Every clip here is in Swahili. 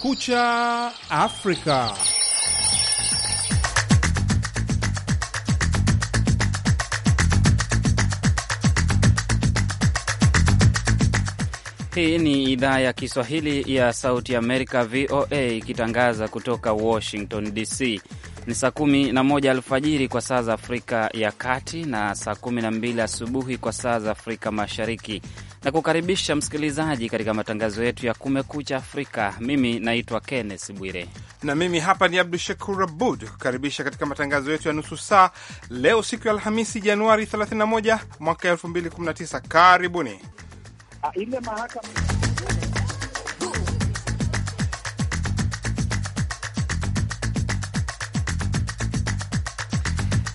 Kucha Afrika. Hii ni idhaa ya Kiswahili ya Sauti Amerika, VOA, ikitangaza kutoka Washington DC. Ni saa 11 alfajiri kwa saa za Afrika ya Kati na saa 12 asubuhi kwa saa za Afrika Mashariki na kukaribisha msikilizaji katika matangazo yetu ya Kumekucha Afrika. Mimi naitwa Kenneth Bwire na mimi hapa ni Abdu Shakur Abud kukaribisha katika matangazo yetu ya nusu saa leo, siku ya Alhamisi Januari 31 mwaka 2019. Karibuni ah, ile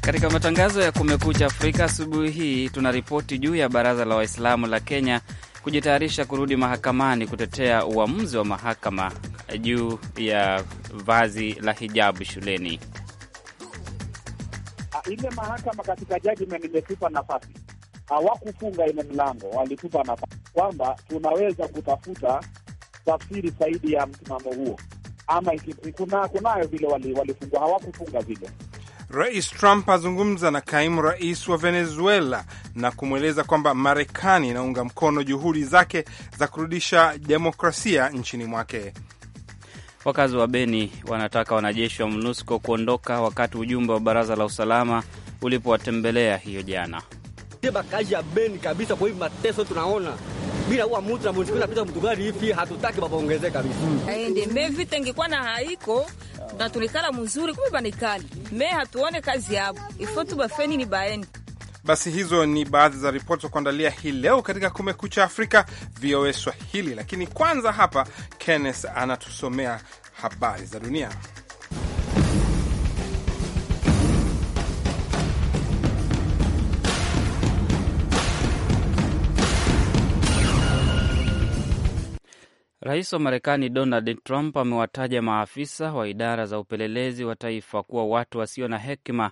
Katika matangazo ya Kumekucha Afrika asubuhi hii tuna ripoti juu ya baraza la Waislamu la Kenya kujitayarisha kurudi mahakamani kutetea uamuzi wa mahakama juu ya vazi la hijabu shuleni. Ah, ile mahakama katika judgment imetupa nafasi, hawakufunga ile mlango, walitupa nafasi kwamba tunaweza kutafuta tafsiri zaidi ya msimamo huo, ama kunayo vile wali hawakufunga vile Rais Trump azungumza na kaimu rais wa Venezuela na kumweleza kwamba Marekani inaunga mkono juhudi zake za kurudisha demokrasia nchini mwake. Wakazi wa Beni wanataka wanajeshi wa MONUSCO kuondoka wakati ujumbe wa baraza la usalama ulipowatembelea hiyo jana. Bakaji ya Beni kabisa, kwa hivi mateso tunaona bila huwa mtu napita mtu gari hivi, hatutaki baba babaongezee kabisa. Mm. Aende me vita ingekuwa na haiko na tulikala mzuri, kumbe banikali me hatuone kazi yabo ifo tu bafeni ni baendi basi hizo ni baadhi za ripoti za kuandalia hii leo katika Kumekucha Afrika VOA Swahili, lakini kwanza hapa Kenneth anatusomea habari za dunia. Rais wa Marekani Donald Trump amewataja maafisa wa idara za upelelezi wa taifa kuwa watu wasio na hekima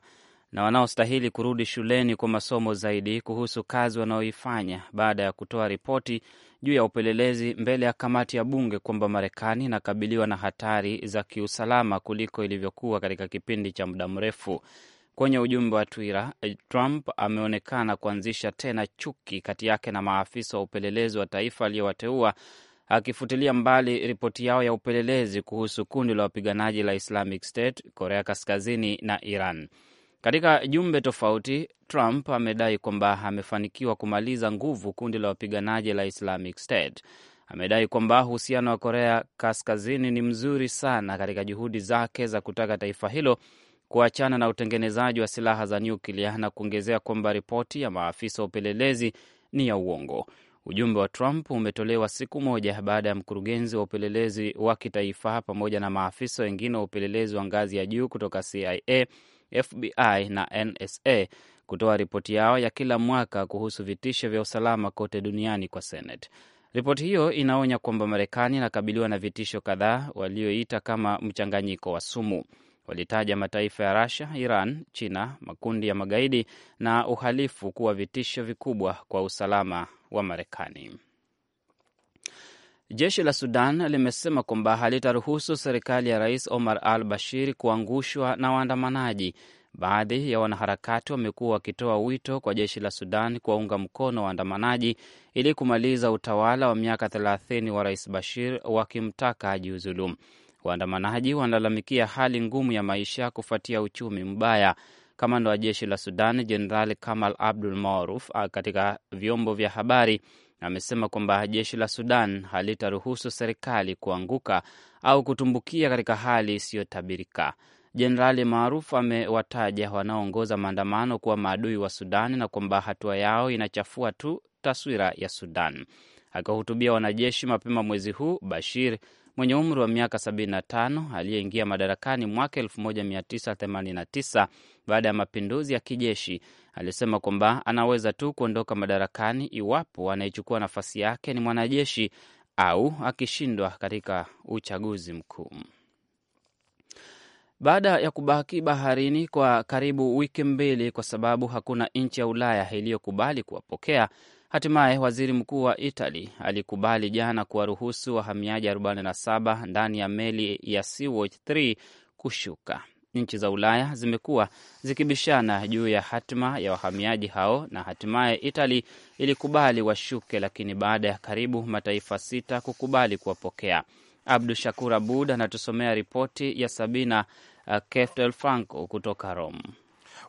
na wanaostahili kurudi shuleni kwa masomo zaidi kuhusu kazi wanaoifanya baada ya kutoa ripoti juu ya upelelezi mbele ya kamati ya bunge kwamba Marekani inakabiliwa na hatari za kiusalama kuliko ilivyokuwa katika kipindi cha muda mrefu. Kwenye ujumbe wa Twitter, Trump ameonekana kuanzisha tena chuki kati yake na maafisa wa upelelezi wa taifa aliyowateua akifutilia mbali ripoti yao ya upelelezi kuhusu kundi la wapiganaji la Islamic State, Korea Kaskazini na Iran. Katika jumbe tofauti, Trump amedai kwamba amefanikiwa kumaliza nguvu kundi la wapiganaji la Islamic State. Amedai kwamba uhusiano wa Korea Kaskazini ni mzuri sana katika juhudi zake za kutaka taifa hilo kuachana na utengenezaji wa silaha za nyuklia na kuongezea kwamba ripoti ya maafisa wa upelelezi ni ya uongo. Ujumbe wa Trump umetolewa siku moja baada ya mkurugenzi wa upelelezi wa kitaifa pamoja na maafisa wengine wa upelelezi wa ngazi ya juu kutoka CIA, FBI na NSA kutoa ripoti yao ya kila mwaka kuhusu vitisho vya usalama kote duniani kwa Senate. Ripoti hiyo inaonya kwamba Marekani inakabiliwa na vitisho kadhaa walioita kama mchanganyiko wa sumu. Walitaja mataifa ya Russia, Iran, China, makundi ya magaidi na uhalifu kuwa vitisho vikubwa kwa usalama wa Marekani. Jeshi la Sudan limesema kwamba halitaruhusu serikali ya Rais Omar al Bashir kuangushwa na waandamanaji. Baadhi ya wanaharakati wamekuwa wakitoa wito kwa jeshi la Sudan kuwaunga mkono waandamanaji ili kumaliza utawala wa miaka 30 wa Rais Bashir, wakimtaka ajiuzulu. Waandamanaji wanalalamikia hali ngumu ya maisha kufuatia uchumi mbaya. Kamanda wa jeshi la Sudan Jenerali Kamal Abdul Maaruf katika vyombo vya habari amesema kwamba jeshi la Sudan halitaruhusu serikali kuanguka au kutumbukia katika hali isiyotabirika. Jenerali Maaruf amewataja wanaoongoza maandamano kuwa maadui wa Sudan na kwamba hatua yao inachafua tu taswira ya Sudan. akiwahutubia wanajeshi mapema mwezi huu, Bashir mwenye umri wa miaka 75 aliyeingia madarakani mwaka 1989 baada ya mapinduzi ya kijeshi alisema kwamba anaweza tu kuondoka madarakani iwapo anayechukua nafasi yake ni mwanajeshi au akishindwa katika uchaguzi mkuu. Baada ya kubaki baharini kwa karibu wiki mbili, kwa sababu hakuna nchi ya Ulaya iliyokubali kuwapokea, Hatimaye waziri mkuu wa itali alikubali jana kuwaruhusu wahamiaji 47 ndani ya meli ya Sea-Watch 3 kushuka. Nchi za Ulaya zimekuwa zikibishana juu ya hatima ya wahamiaji hao na hatimaye itali ilikubali washuke, lakini baada ya karibu mataifa sita kukubali kuwapokea. Abdu Shakur Abud anatusomea ripoti ya Sabina eh, Keftel Franco kutoka Rome.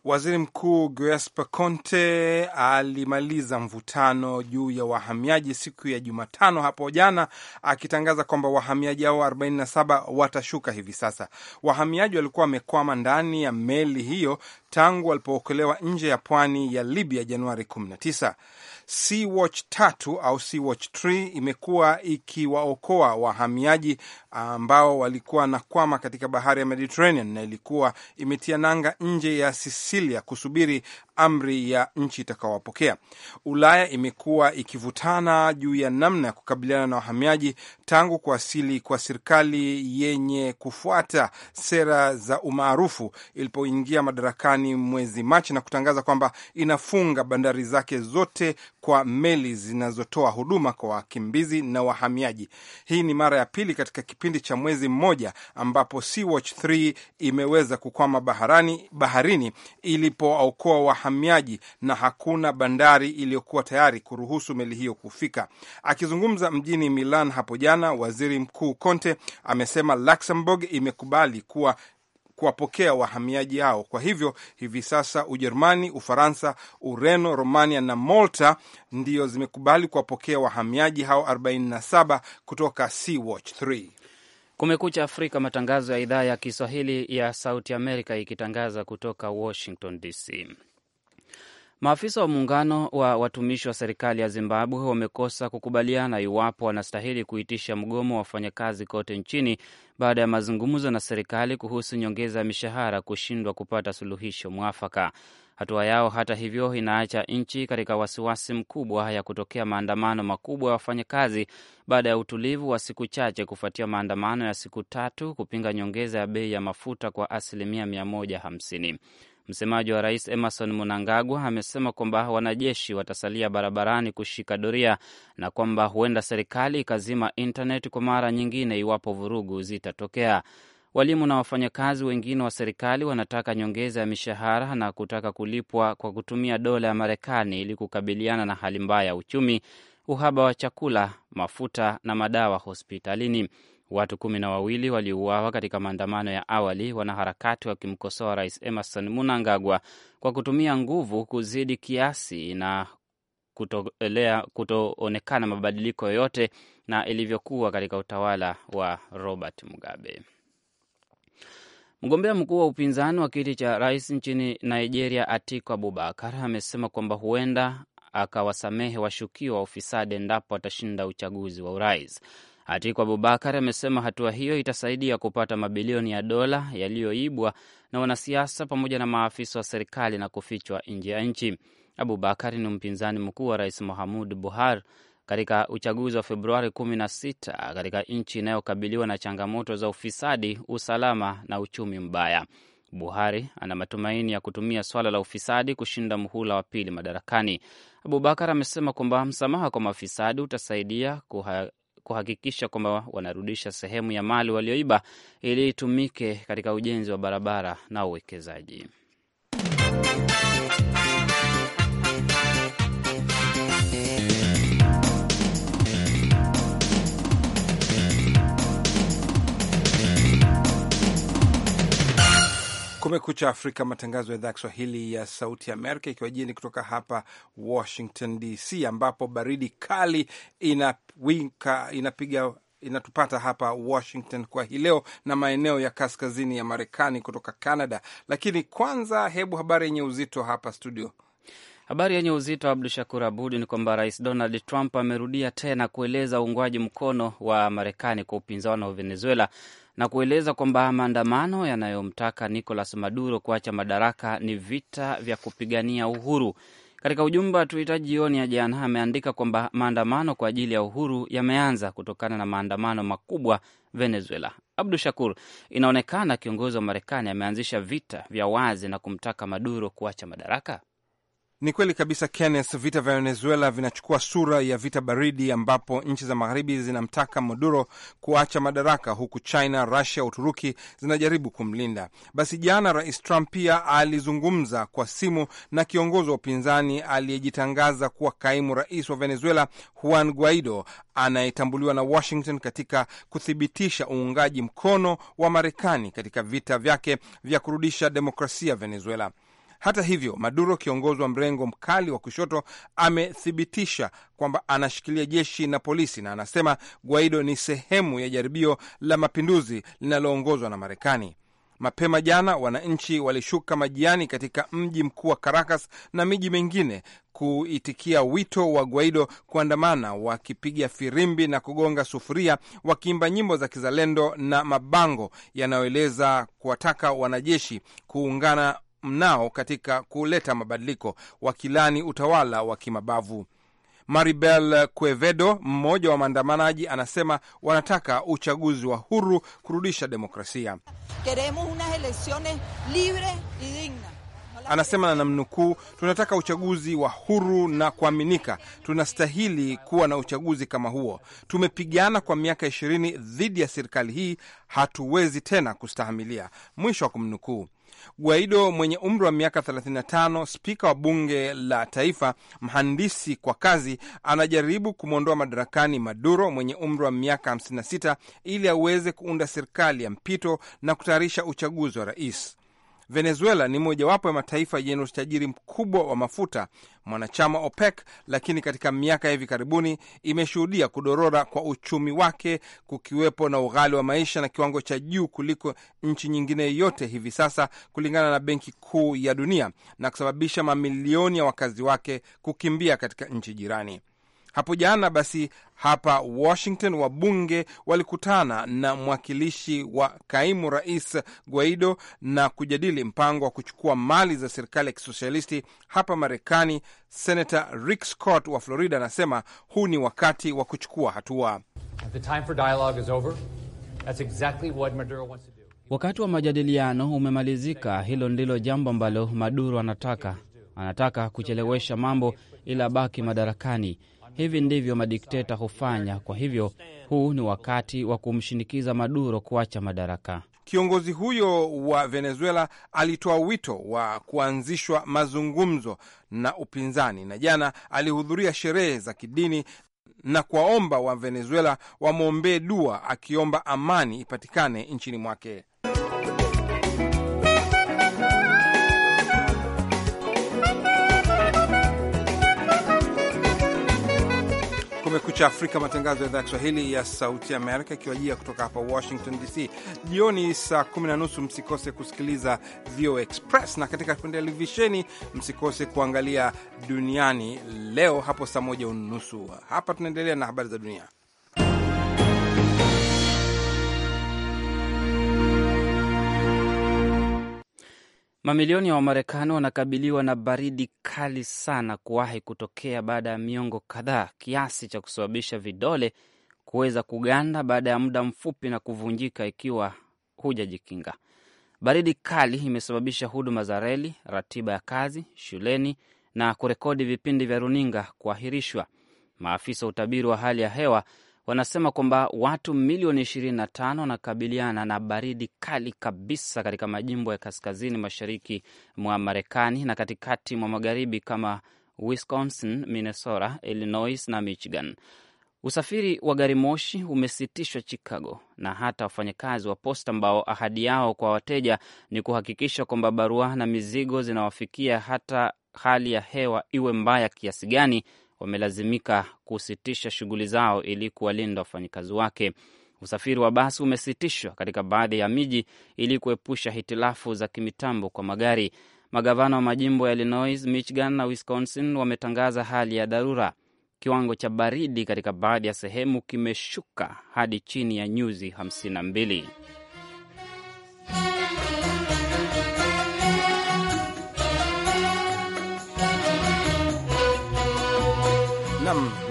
Waziri Mkuu Giuseppe Conte alimaliza mvutano juu ya wahamiaji siku ya Jumatano hapo jana, akitangaza kwamba wahamiaji hao 47 watashuka hivi sasa. Wahamiaji walikuwa wamekwama ndani ya meli hiyo tangu walipookolewa nje ya pwani ya Libya Januari 19. Sea Watch tatu au Sea Watch 3 imekuwa ikiwaokoa wahamiaji ambao walikuwa na kwama katika bahari ya Mediterranean na ilikuwa imetia nanga nje ya Sisi Sicilia kusubiri amri ya nchi itakaowapokea. Ulaya imekuwa ikivutana juu ya namna ya kukabiliana na wahamiaji tangu kuasili kwa serikali yenye kufuata sera za umaarufu ilipoingia madarakani mwezi Machi na kutangaza kwamba inafunga bandari zake zote kwa meli zinazotoa huduma kwa wakimbizi na wahamiaji. Hii ni mara ya pili katika kipindi cha mwezi mmoja ambapo Sea Watch 3 imeweza kukwama baharani, baharini ilipookoa wahamiaji na hakuna bandari iliyokuwa tayari kuruhusu meli hiyo kufika. Akizungumza mjini Milan hapo jana, waziri mkuu Conte amesema Luxembourg imekubali kuwa kuwapokea wahamiaji hao. Kwa hivyo hivi sasa Ujerumani, Ufaransa, Ureno, Romania na Malta ndio zimekubali kuwapokea wahamiaji hao 47 kutoka Sea Watch 3. Kumekucha Afrika, matangazo ya idhaa ya Kiswahili ya Sauti Amerika ikitangaza kutoka Washington DC. Maafisa wa muungano wa watumishi wa serikali ya Zimbabwe wamekosa kukubaliana iwapo wanastahili kuitisha mgomo wa wafanyakazi kote nchini baada ya mazungumzo na serikali kuhusu nyongeza ya mishahara kushindwa kupata suluhisho mwafaka. Hatua yao hata hivyo inaacha nchi katika wasiwasi mkubwa ya kutokea maandamano makubwa ya wafanyakazi baada ya utulivu wa siku chache kufuatia maandamano ya siku tatu kupinga nyongeza ya bei ya mafuta kwa asilimia 150. Msemaji wa rais Emerson Mnangagwa amesema kwamba wanajeshi watasalia barabarani kushika doria na kwamba huenda serikali ikazima intaneti kwa mara nyingine iwapo vurugu zitatokea. Walimu na wafanyakazi wengine wa serikali wanataka nyongeza ya mishahara na kutaka kulipwa kwa kutumia dola ya Marekani ili kukabiliana na hali mbaya ya uchumi, uhaba wa chakula, mafuta na madawa hospitalini. Watu kumi na wawili waliuawa katika maandamano ya awali, wanaharakati wakimkosoa Rais Emerson Munangagwa kwa kutumia nguvu kuzidi kiasi na kutoelea kutoonekana mabadiliko yoyote na ilivyokuwa katika utawala wa Robert Mugabe. Mgombea mkuu wa upinzani wa kiti cha rais nchini Nigeria, Atiku Abubakar, amesema kwamba huenda akawasamehe washukiwa wa ufisadi endapo atashinda uchaguzi wa urais. Atiku Abubakar amesema hatua hiyo itasaidia kupata mabilioni ya dola yaliyoibwa na wanasiasa pamoja na maafisa wa serikali na kufichwa nje ya nchi. Abubakar ni mpinzani mkuu wa rais Muhammadu Buhari katika uchaguzi wa Februari 16 katika nchi inayokabiliwa na changamoto za ufisadi, usalama na uchumi mbaya. Buhari ana matumaini ya kutumia swala la ufisadi kushinda muhula wa pili madarakani. Abubakar amesema kwamba msamaha kwa mafisadi utasaidia kuha kuhakikisha kwamba wanarudisha sehemu ya mali walioiba ili itumike katika ujenzi wa barabara na uwekezaji. Kumekucha Afrika, matangazo ya idhaa ya Kiswahili ya Sauti Amerika, ikiwa jini kutoka hapa Washington DC, ambapo baridi kali inawinka inapiga inatupata hapa Washington kwa hii leo na maeneo ya kaskazini ya Marekani kutoka Canada. Lakini kwanza, hebu habari yenye uzito hapa studio. Habari yenye uzito Abdu Shakur Abud ni kwamba Rais Donald Trump amerudia tena kueleza uungwaji mkono wa Marekani kwa upinzani wa Venezuela na kueleza kwamba maandamano yanayomtaka Nicolas Maduro kuacha madaraka ni vita vya kupigania uhuru. Katika ujumbe wa Twitter jioni ya jana, ameandika kwamba maandamano kwa ajili ya uhuru yameanza kutokana na maandamano makubwa Venezuela. Abdu Shakur, inaonekana kiongozi wa Marekani ameanzisha vita vya wazi na kumtaka Maduro kuacha madaraka. Ni kweli kabisa Kenneth, vita vya Venezuela vinachukua sura ya vita baridi ambapo nchi za magharibi zinamtaka Maduro kuacha madaraka, huku China, Rusia, Uturuki zinajaribu kumlinda. Basi jana Rais Trump pia alizungumza kwa simu na kiongozi wa upinzani aliyejitangaza kuwa kaimu rais wa Venezuela, Juan Guaido, anayetambuliwa na Washington katika kuthibitisha uungaji mkono wa Marekani katika vita vyake vya kurudisha demokrasia Venezuela. Hata hivyo, Maduro, kiongozi wa mrengo mkali wa kushoto, amethibitisha kwamba anashikilia jeshi na polisi, na anasema Guaido ni sehemu ya jaribio la mapinduzi linaloongozwa na Marekani. Mapema jana wananchi walishuka majiani katika mji mkuu wa Caracas na miji mingine kuitikia wito wa Guaido kuandamana, wakipiga firimbi na kugonga sufuria, wakiimba nyimbo za kizalendo na mabango yanayoeleza kuwataka wanajeshi kuungana mnao katika kuleta mabadiliko, wakilani utawala wa kimabavu. Maribel Quevedo, mmoja wa maandamanaji, anasema wanataka uchaguzi wa huru kurudisha demokrasia. Queremos unas elecciones libres y dignas Anasema na namnukuu, tunataka uchaguzi wa huru na kuaminika. Tunastahili kuwa na uchaguzi kama huo. Tumepigana kwa miaka ishirini dhidi ya serikali hii, hatuwezi tena kustahamilia Mwisho wa kumnukuu. Guaido mwenye umri wa miaka 35, spika wa bunge la taifa, mhandisi kwa kazi, anajaribu kumwondoa madarakani Maduro mwenye umri wa miaka 56 ili aweze kuunda serikali ya mpito na kutayarisha uchaguzi wa rais. Venezuela ni mojawapo ya mataifa yenye utajiri mkubwa wa mafuta, mwanachama OPEC, lakini katika miaka ya hivi karibuni imeshuhudia kudorora kwa uchumi wake, kukiwepo na ughali wa maisha na kiwango cha juu kuliko nchi nyingine yoyote hivi sasa, kulingana na Benki Kuu ya Dunia, na kusababisha mamilioni ya wakazi wake kukimbia katika nchi jirani. Hapo jana basi, hapa Washington wabunge walikutana na mwakilishi wa kaimu rais Guaido na kujadili mpango wa kuchukua mali za serikali ya kisosialisti hapa Marekani. Senator Rick Scott wa Florida anasema huu ni wakati wa kuchukua hatua. wakati wa majadiliano umemalizika. Hilo ndilo jambo ambalo Maduro anataka. Anataka kuchelewesha mambo ili abaki madarakani. Hivi ndivyo madikteta hufanya. Kwa hivyo huu ni wakati wa kumshinikiza Maduro kuacha madaraka. Kiongozi huyo wa Venezuela alitoa wito wa kuanzishwa mazungumzo na upinzani, na jana alihudhuria sherehe za kidini na kuwaomba wa Venezuela wamwombee dua, akiomba amani ipatikane nchini mwake. Kumekucha Afrika, matangazo ya idhaa ya Kiswahili ya Sauti Amerika ikiwajia kutoka hapa Washington DC jioni saa kumi na nusu. Msikose kusikiliza vo Express na katika televisheni msikose kuangalia Duniani Leo hapo saa moja unusu. Hapa tunaendelea na habari za dunia. Mamilioni ya Wamarekani wanakabiliwa na baridi kali sana kuwahi kutokea baada ya miongo kadhaa, kiasi cha kusababisha vidole kuweza kuganda baada ya muda mfupi na kuvunjika ikiwa hujajikinga. Baridi kali imesababisha huduma za reli, ratiba ya kazi, shuleni na kurekodi vipindi vya runinga kuahirishwa. Maafisa utabiri wa hali ya hewa wanasema kwamba watu milioni 25 wanakabiliana na baridi kali kabisa katika majimbo ya kaskazini mashariki mwa Marekani na katikati mwa magharibi kama Wisconsin, Minnesota, Illinois na Michigan. Usafiri wa gari moshi umesitishwa Chicago, na hata wafanyakazi wa posta ambao ahadi yao kwa wateja ni kuhakikisha kwamba barua na mizigo zinawafikia hata hali ya hewa iwe mbaya kiasi gani, wamelazimika kusitisha shughuli zao ili kuwalinda wafanyakazi wake. Usafiri wa basi umesitishwa katika baadhi ya miji ili kuepusha hitilafu za kimitambo kwa magari. Magavana wa majimbo ya Illinois, Michigan na Wisconsin wametangaza hali ya dharura. Kiwango cha baridi katika baadhi ya sehemu kimeshuka hadi chini ya nyuzi 52.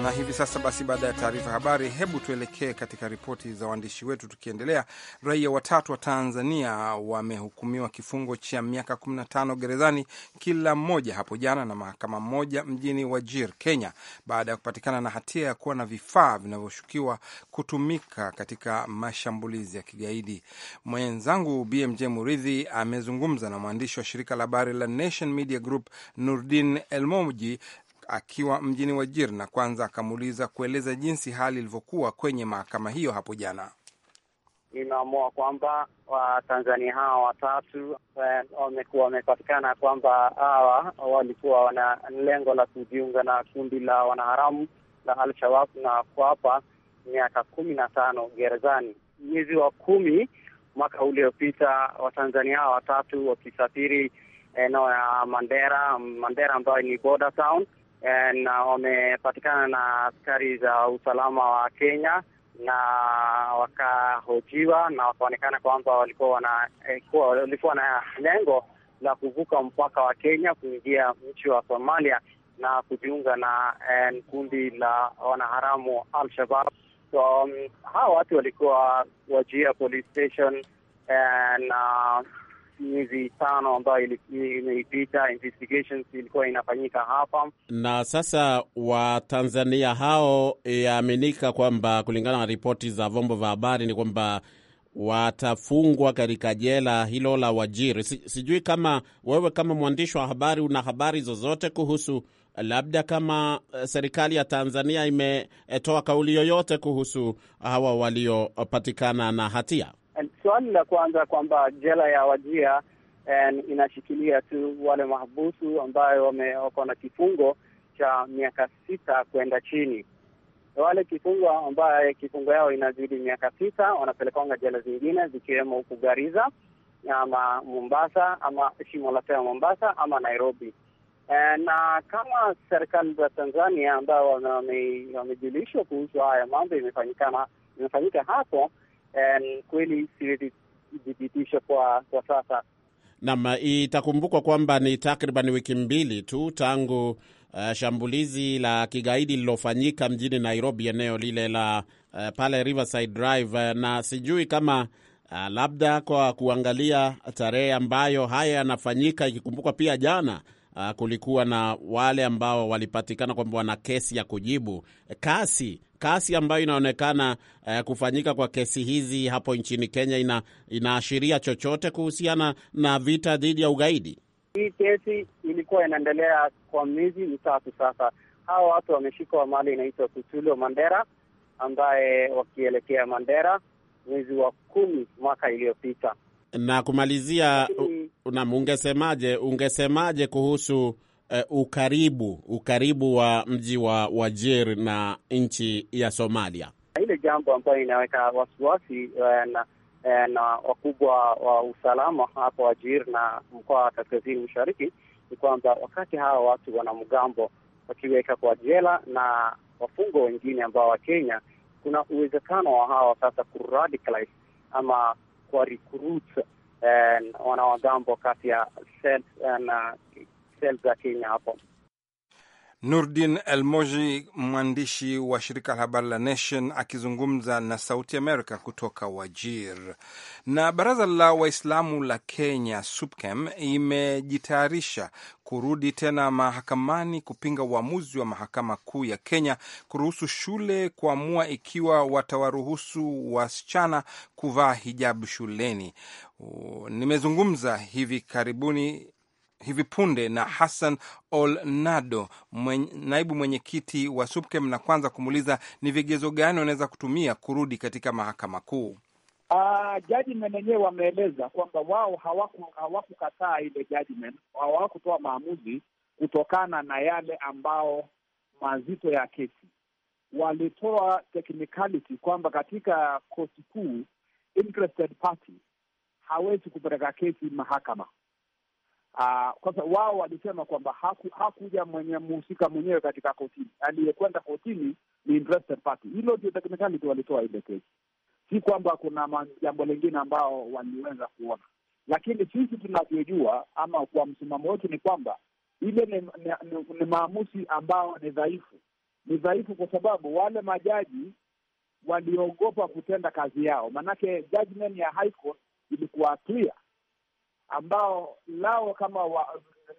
Na hivi sasa basi, baada ya taarifa habari, hebu tuelekee katika ripoti za waandishi wetu. Tukiendelea, raia watatu wa Tanzania wamehukumiwa kifungo cha miaka 15 gerezani kila mmoja hapo jana na mahakama moja mjini Wajir, Kenya, baada ya kupatikana na hatia ya kuwa na vifaa vinavyoshukiwa kutumika katika mashambulizi ya kigaidi. Mwenzangu BMJ Muridhi amezungumza na mwandishi wa shirika la habari la Nation Media Group Nurdin Elmoji akiwa mjini Wajir na kwanza akamuuliza kueleza jinsi hali ilivyokuwa kwenye mahakama hiyo hapo jana. Nimeamua kwamba Watanzania hawa watatu eh, wamekuwa wamepatikana kwamba hawa walikuwa wana lengo la kujiunga na kundi la wanaharamu la Al-Shabab na kuwapa miaka kumi na tano gerezani. Mwezi wa kumi mwaka uliopita Watanzania hawa watatu wakisafiri eneo ya Mandera, Mandera ambayo ni border town Eh, na wamepatikana na askari za usalama wa Kenya na wakahojiwa na wakaonekana kwamba walikuwa wana eh, walikuwa na lengo la kuvuka mpaka wa Kenya kuingia nchi wa Somalia na kujiunga na eh, kundi la wanaharamu Al-Shabab. So um, hawa watu walikuwa wajia police station eh, na miezi tano ambayo imeipita, investigations ilikuwa inafanyika hapa. Na sasa Watanzania hao yaaminika kwamba kulingana na ripoti za vyombo vya habari ni kwamba watafungwa katika jela hilo la Wajiri. sijui kama wewe kama mwandishi wa habari una habari zozote kuhusu labda kama eh, serikali ya Tanzania imetoa kauli yoyote kuhusu hawa waliopatikana na hatia. Swali la kwanza kwamba jela ya Wajia eh, inashikilia tu wale mahabusu ambayo wako na kifungo cha miaka sita kwenda chini. Wale kifungo ambayo kifungo yao inazidi miaka sita wanapelekwanga jela zingine zikiwemo huku Gariza ama Mombasa ama shimo la tewa Mombasa ama Nairobi. E, na kama serikali za Tanzania ambayo wamejulishwa kuhusu haya mambo imefanyika hapo um, kweli siwezi thibitisha kwa, kwa sasa. Naam, itakumbukwa kwamba ni takriban wiki mbili tu tangu uh, shambulizi la kigaidi lilofanyika mjini Nairobi, eneo lile la uh, pale Riverside Drive uh, na sijui kama uh, labda kwa kuangalia tarehe ambayo haya yanafanyika, ikikumbukwa pia jana uh, kulikuwa na wale ambao walipatikana kwamba wana kesi ya kujibu. Kasi kasi ambayo inaonekana uh, kufanyika kwa kesi hizi hapo nchini Kenya ina, inaashiria chochote kuhusiana na vita dhidi ya ugaidi? Hii kesi ilikuwa inaendelea kwa miezi mitatu sasa. Hawa watu wameshikwa wa mali inaitwa Kutulo Mandera, ambaye wakielekea Mandera mwezi wa kumi mwaka iliyopita na kumalizia mm. na ungesemaje ungesemaje kuhusu uh, ukaribu ukaribu wa mji wa Wajir na nchi ya Somalia? Ile jambo ambayo inaweka wasiwasi e, na e, na wakubwa wa usalama hapa Wajir na mkoa wa kaskazini mashariki ni kwamba wakati hawa watu wanamgambo wakiweka kwa jela na wafungwa wengine ambao wa Kenya, kuna uwezekano wa hawa sasa kuradicalize ama kuwarecruit wanawagambo kati ya sel na uh, sel za Kenya hapo. Nurdin Elmoji, mwandishi wa shirika la habari la Nation, akizungumza na Sauti Amerika kutoka Wajir. Na baraza la Waislamu la Kenya, SUPKEM, imejitayarisha kurudi tena mahakamani kupinga uamuzi wa mahakama kuu ya Kenya kuruhusu shule kuamua ikiwa watawaruhusu wasichana kuvaa hijabu shuleni. Nimezungumza hivi karibuni hivi punde na Hassan Olnado mwenye, naibu mwenyekiti wa SUPKEM na kwanza kumuuliza ni vigezo gani wanaweza kutumia kurudi katika mahakama kuu. Uh, judgment wenyewe wameeleza kwamba wao hawakukataa hawaku ile judgment, hawakutoa maamuzi kutokana na yale ambao mazito ya kesi walitoa technicality kwamba katika koti kuu interested party hawezi kupeleka kesi mahakama. Ah, Kwanza wao walisema kwamba hakuja mwenye mhusika mwenyewe katika kotini, aliyekwenda kotini ni interested party. Hilo ndio technicality walitoa ile kesi, si kwamba kuna jambo lingine ambao waliweza kuona, lakini sisi tunavyojua ama kwa msimamo wetu ni kwamba ile ni, ni, ni, ni maamuzi ambao ni dhaifu, ni dhaifu kwa sababu wale majaji waliogopa kutenda kazi yao, maanake judgment ya High Court ilikuwa clear ambao lao kama wa,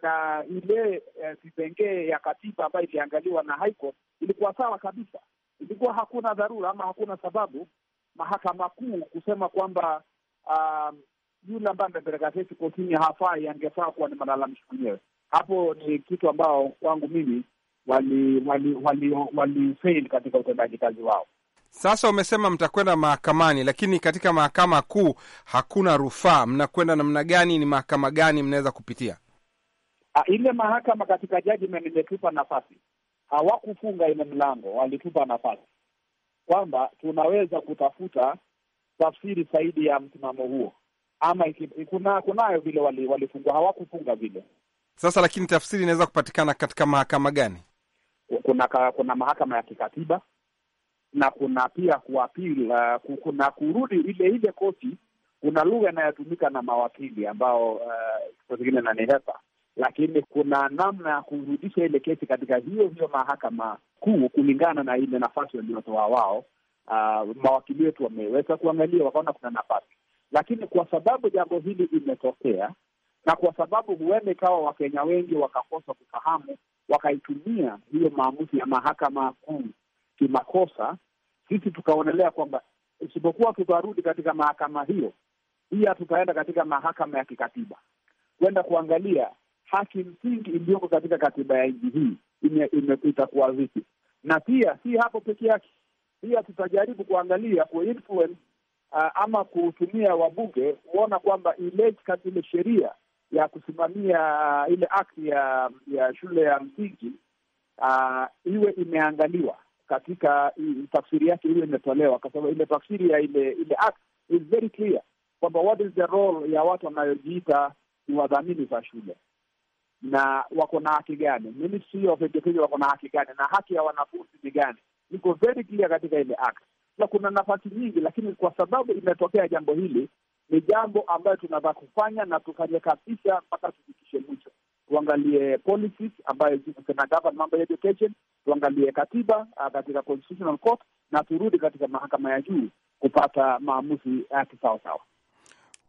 na ile eh, vipengee ya katiba ambayo iliangaliwa na High Court ilikuwa sawa kabisa. Ilikuwa hakuna dharura ama hakuna sababu mahakama kuu kusema kwamba um, yule ambaye amepeleka kesi kotini hafai, angefaa kuwa ni malalamishi mwenyewe. Hapo ni kitu ambao kwangu mimi wali wali wali, wali katika utendaji kazi wao. Sasa umesema mtakwenda mahakamani, lakini katika mahakama kuu hakuna rufaa. Mnakwenda namna gani? Ni mahakama gani mnaweza kupitia? A, ah, ile mahakama katika judgment imetupa nafasi, hawakufunga ile mlango, walitupa nafasi kwamba tunaweza kutafuta tafsiri zaidi ya msimamo huo, ama kuna kunayo vile walifungua, wali hawakufunga vile. Sasa lakini tafsiri inaweza kupatikana katika mahakama gani? Kuna, kuna mahakama ya kikatiba na kuna pia kuapil uh, kuna kurudi ile ile koti. Kuna lugha inayotumika na mawakili ambao uh, zingine na nihepa, lakini kuna namna ya kurudisha ile kesi katika hiyo hiyo mahakama kuu kulingana na ile nafasi waliotoa wao. Uh, mawakili wetu wameweza kuangalia wakaona kuna nafasi, lakini kwa sababu jambo hili limetokea na kwa sababu huenda ikawa Wakenya wengi wakakosa kufahamu, wakaitumia hiyo maamuzi ya mahakama kuu kimakosa, sisi tukaonelea kwamba isipokuwa tutarudi katika mahakama hiyo, pia tutaenda katika mahakama ya kikatiba kwenda kuangalia haki msingi iliyoko katika katiba ya nchi hii itakuwa vipi, na pia si hapo peke yake, pia tutajaribu kuangalia ku uh, ama kutumia wabunge kuona kwamba ile sheria ya kusimamia ile akti ya ya shule ya msingi uh, iwe imeangaliwa katika tafsiri yake hiyo imetolewa, kwa sababu ile tafsiri ya ile ile act is very clear kwamba what is the role ya watu wanayojiita ni wadhamini za shule na wako na haki gani, Ministry of Education wako na haki gani, na haki ya wanafunzi ni gani, iko very clear katika ile act. Na kuna nafasi nyingi, lakini kwa sababu imetokea jambo hili, ni jambo ambayo tunaweza kufanya na tufanye kabisa mpaka tufikishe mwisho tuangalie policies ambayo zinasema kwenye mambo ya education, tuangalie katiba uh, katika constitutional court na turudi katika mahakama ya juu kupata maamuzi ya uh, sawa.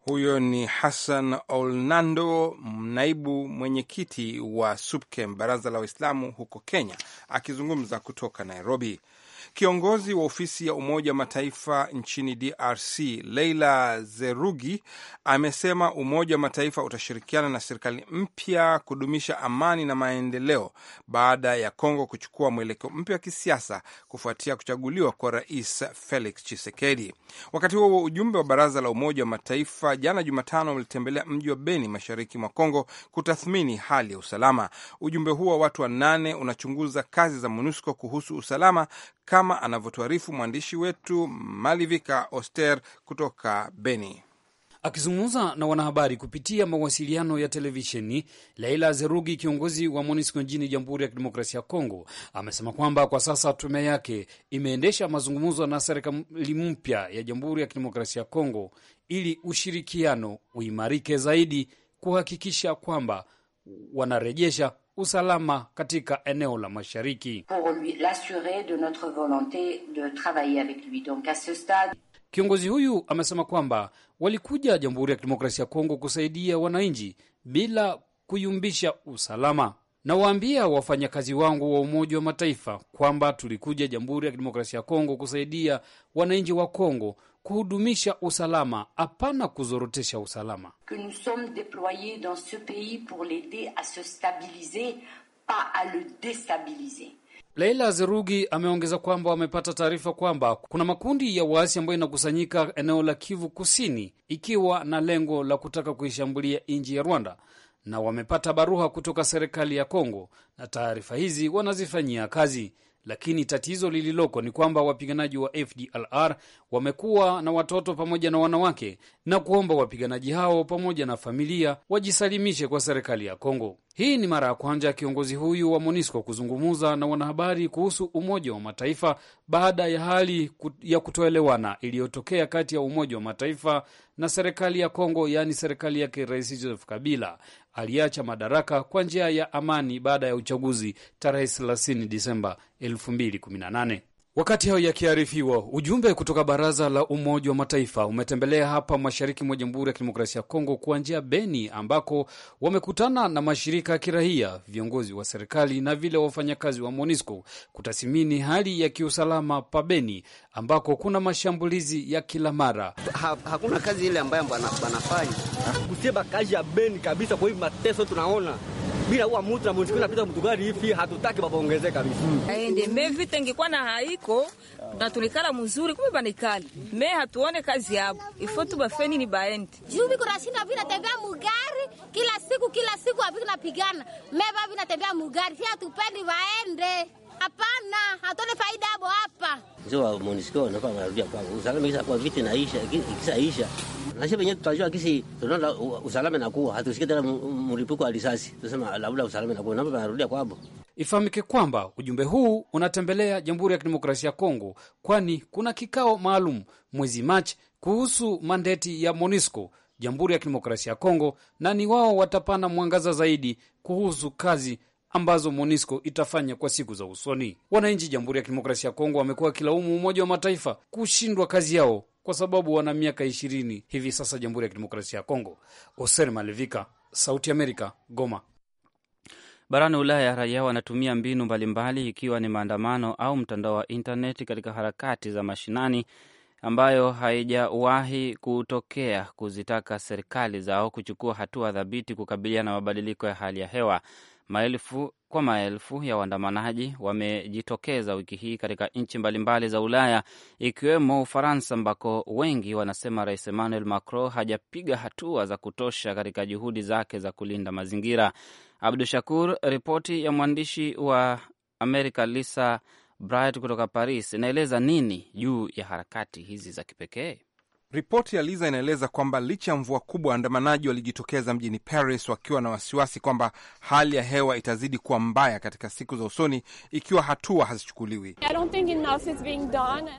Huyo ni Hassan Olnando, naibu mwenyekiti wa SUPKEM, baraza la Waislamu huko Kenya, akizungumza kutoka Nairobi. Kiongozi wa ofisi ya Umoja wa Mataifa nchini DRC Leila Zerugi amesema Umoja wa Mataifa utashirikiana na serikali mpya kudumisha amani na maendeleo baada ya Kongo kuchukua mwelekeo mpya wa kisiasa kufuatia kuchaguliwa kwa Rais Felix Tshisekedi. Wakati huo ujumbe wa Baraza la Umoja wa Mataifa jana Jumatano ulitembelea mji wa Beni, mashariki mwa Kongo kutathmini hali ya usalama. Ujumbe huo wa watu wanane unachunguza kazi za MONUSCO kuhusu usalama kama anavyotuarifu mwandishi wetu Malivika Oster kutoka Beni. Akizungumza na wanahabari kupitia mawasiliano ya televisheni, Laila Zerugi, kiongozi wa MONUSCO nchini Jamhuri ya Kidemokrasia ya Kongo, amesema kwamba kwa sasa tume yake imeendesha mazungumzo na serikali mpya ya Jamhuri ya Kidemokrasia ya Kongo ili ushirikiano uimarike zaidi kuhakikisha kwamba wanarejesha usalama katika eneo la mashariki pour de notre avec lui a ce Kiongozi huyu amesema kwamba walikuja Jamhuri ya Kidemokrasia ya Kongo kusaidia wananchi bila kuyumbisha usalama. Nawaambia wafanyakazi wangu wa Umoja wa Mataifa kwamba tulikuja Jamhuri ya Kidemokrasia ya Kongo kusaidia wananchi wa Kongo kuhudumisha usalama, hapana kuzorotesha usalama. que nous sommes deployés dans ce pays pour l'aider à se stabiliser pas à le destabiliser. Leila Zerugi ameongeza kwamba wamepata taarifa kwamba kuna makundi ya waasi ambayo inakusanyika eneo la Kivu Kusini ikiwa na lengo la kutaka kuishambulia nchi ya Rwanda, na wamepata barua kutoka serikali ya Kongo na taarifa hizi wanazifanyia kazi lakini tatizo lililoko ni kwamba wapiganaji wa FDLR wamekuwa na watoto pamoja na wanawake na kuomba wapiganaji hao pamoja na familia wajisalimishe kwa serikali ya Kongo. Hii ni mara ya kwanza kiongozi huyu wa MONUSCO kuzungumza na wanahabari kuhusu Umoja wa Mataifa baada ya hali ya kutoelewana iliyotokea kati ya Umoja wa Mataifa na serikali ya Kongo, yaani serikali yake Rais Joseph Kabila aliacha madaraka kwa njia ya amani baada ya uchaguzi tarehe 30 Disemba 2018. Wakati hayo yakiarifiwa, ujumbe kutoka Baraza la Umoja wa Mataifa umetembelea hapa mashariki mwa Jamhuri ya Kidemokrasia ya Kongo njia Beni, ambako wamekutana na mashirika ya kiraia, viongozi wa serikali na vile wafanyakazi wa MONUSCO kutathimini hali ya kiusalama pa Beni, ambako kuna mashambulizi ya kila mara. Ha, hakuna kazi ile ambayo banafanya kusie kazi ya Beni kabisa. Kwa hivi mateso tunaona bila huwa mtu na mtu napita mtu gari hivi, hatutaki babaongeze kabisa. Mm. Aende me vita ingekuwa na haiko na tulikala mzuri, kumbe banikali me hatuone kazi yabo ifo tu bafeni ni baende juu biko rashinda vina tembea mugari kila siku kila siku avikunapigana me bavi natembea mugari, si hatupendi baende Hapana, hatuone faida hapo hapa. Sio wa MONUSCO wanafaa wanarudia kwangu. Usalama kisha kwa vita inaisha, kishaisha. Na sisi wenyewe tutajua kisi tunaona usalama na kuwa hatusikie tena mlipuko wa risasi. Tunasema labda usalama na inakuwa, naomba kwa hapo. Ifahamike kwamba ujumbe huu unatembelea Jamhuri ya Kidemokrasia ya Kongo kwani kuna kikao maalum mwezi Machi kuhusu mandeti ya MONUSCO Jamhuri ya Kidemokrasia ya Kongo, na ni wao watapana mwangaza zaidi kuhusu kazi ambazo MONUSCO itafanya kwa siku za usoni. Wananchi Jamhuri ya Kidemokrasia ya Kongo wamekuwa wakilaumu Umoja wa Mataifa kushindwa kazi yao kwa sababu wana miaka ishirini hivi sasa Jamhuri ya Kidemokrasia ya Kongo. Oser Malevika, Sauti Amerika, Goma. Barani Ulaya, raia wanatumia mbinu mbalimbali, ikiwa ni maandamano au mtandao wa intaneti katika harakati za mashinani ambayo haijawahi kutokea, kuzitaka serikali zao kuchukua hatua thabiti kukabiliana na mabadiliko ya hali ya hewa. Maelfu kwa maelfu ya waandamanaji wamejitokeza wiki hii katika nchi mbalimbali za Ulaya ikiwemo Ufaransa, ambako wengi wanasema Rais Emmanuel Macron hajapiga hatua za kutosha katika juhudi zake za kulinda mazingira. Abdu Shakur, ripoti ya mwandishi wa Amerika Lisa Bright kutoka Paris inaeleza nini juu ya harakati hizi za kipekee? Ripoti ya Liza inaeleza kwamba licha ya mvua kubwa, waandamanaji walijitokeza mjini Paris wakiwa na wasiwasi kwamba hali ya hewa itazidi kuwa mbaya katika siku za usoni ikiwa hatua hazichukuliwi.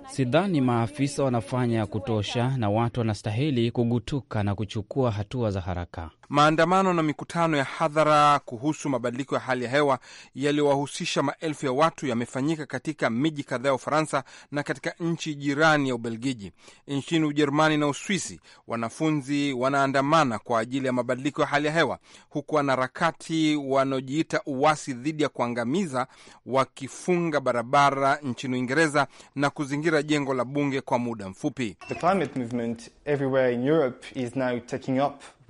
Sidhani maafisa wanafanya ya kutosha, na watu wanastahili kugutuka na kuchukua hatua za haraka. Maandamano na mikutano ya hadhara kuhusu mabadiliko ya hali ya hewa yaliyowahusisha maelfu ya watu yamefanyika katika miji kadhaa ya Ufaransa na katika nchi jirani ya Ubelgiji. Nchini Ujerumani Ujerumani na Uswisi, wanafunzi wanaandamana kwa ajili ya mabadiliko ya hali ya hewa, huku wanaharakati wanaojiita uwasi dhidi ya kuangamiza wakifunga barabara nchini Uingereza na kuzingira jengo la bunge kwa muda mfupi.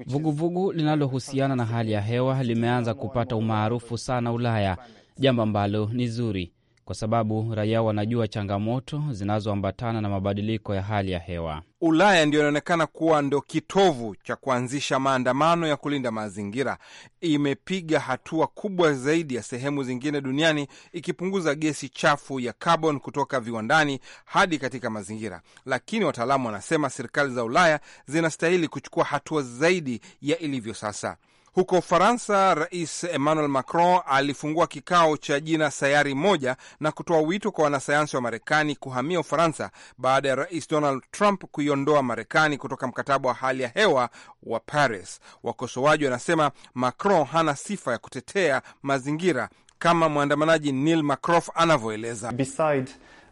Vuguvugu linalohusiana na hali ya hewa limeanza kupata umaarufu sana Ulaya, jambo ambalo ni zuri kwa sababu raia wanajua changamoto zinazoambatana na mabadiliko ya hali ya hewa. Ulaya ndio inaonekana kuwa ndo kitovu cha kuanzisha maandamano ya kulinda mazingira. Imepiga hatua kubwa zaidi ya sehemu zingine duniani, ikipunguza gesi chafu ya kaboni kutoka viwandani hadi katika mazingira, lakini wataalamu wanasema serikali za Ulaya zinastahili kuchukua hatua zaidi ya ilivyo sasa. Huko Ufaransa, Rais Emmanuel Macron alifungua kikao cha jina sayari moja na kutoa wito kwa wanasayansi wa Marekani kuhamia Ufaransa baada ya Rais Donald Trump kuiondoa Marekani kutoka mkataba wa hali ya hewa wa Paris. Wakosoaji wanasema Macron hana sifa ya kutetea mazingira kama mwandamanaji Neil macrof anavyoeleza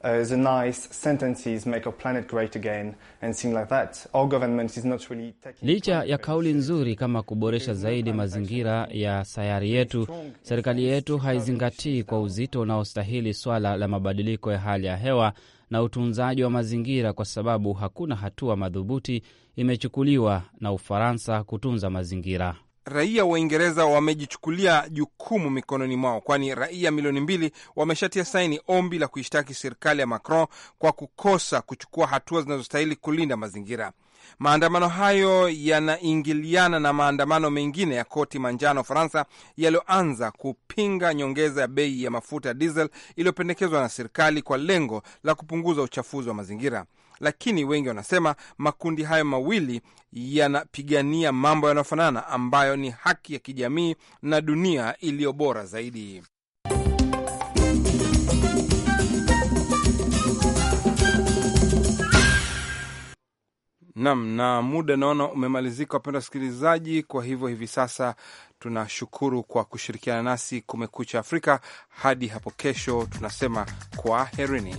the uh, nice sentences make our planet great again and things like that. Our government is not really taking... Licha ya kauli nzuri kama kuboresha zaidi mazingira ya sayari yetu, serikali yetu haizingatii kwa uzito unaostahili swala la mabadiliko ya hali ya hewa na utunzaji wa mazingira kwa sababu hakuna hatua madhubuti imechukuliwa na Ufaransa kutunza mazingira raia wa Uingereza wamejichukulia jukumu mikononi mwao, kwani raia milioni mbili wameshatia saini ombi la kuishtaki serikali ya Macron kwa kukosa kuchukua hatua zinazostahili kulinda mazingira. Maandamano hayo yanaingiliana na maandamano mengine ya koti manjano Ufaransa yaliyoanza kupinga nyongeza ya bei ya mafuta ya diesel iliyopendekezwa na serikali kwa lengo la kupunguza uchafuzi wa mazingira lakini wengi wanasema makundi hayo mawili yanapigania mambo yanayofanana ambayo ni haki ya kijamii na dunia iliyo bora zaidi. Nam na muda naona umemalizika, wapenda wasikilizaji. Kwa hivyo hivi sasa tunashukuru kwa kushirikiana nasi Kumekucha Afrika. Hadi hapo kesho, tunasema kwa herini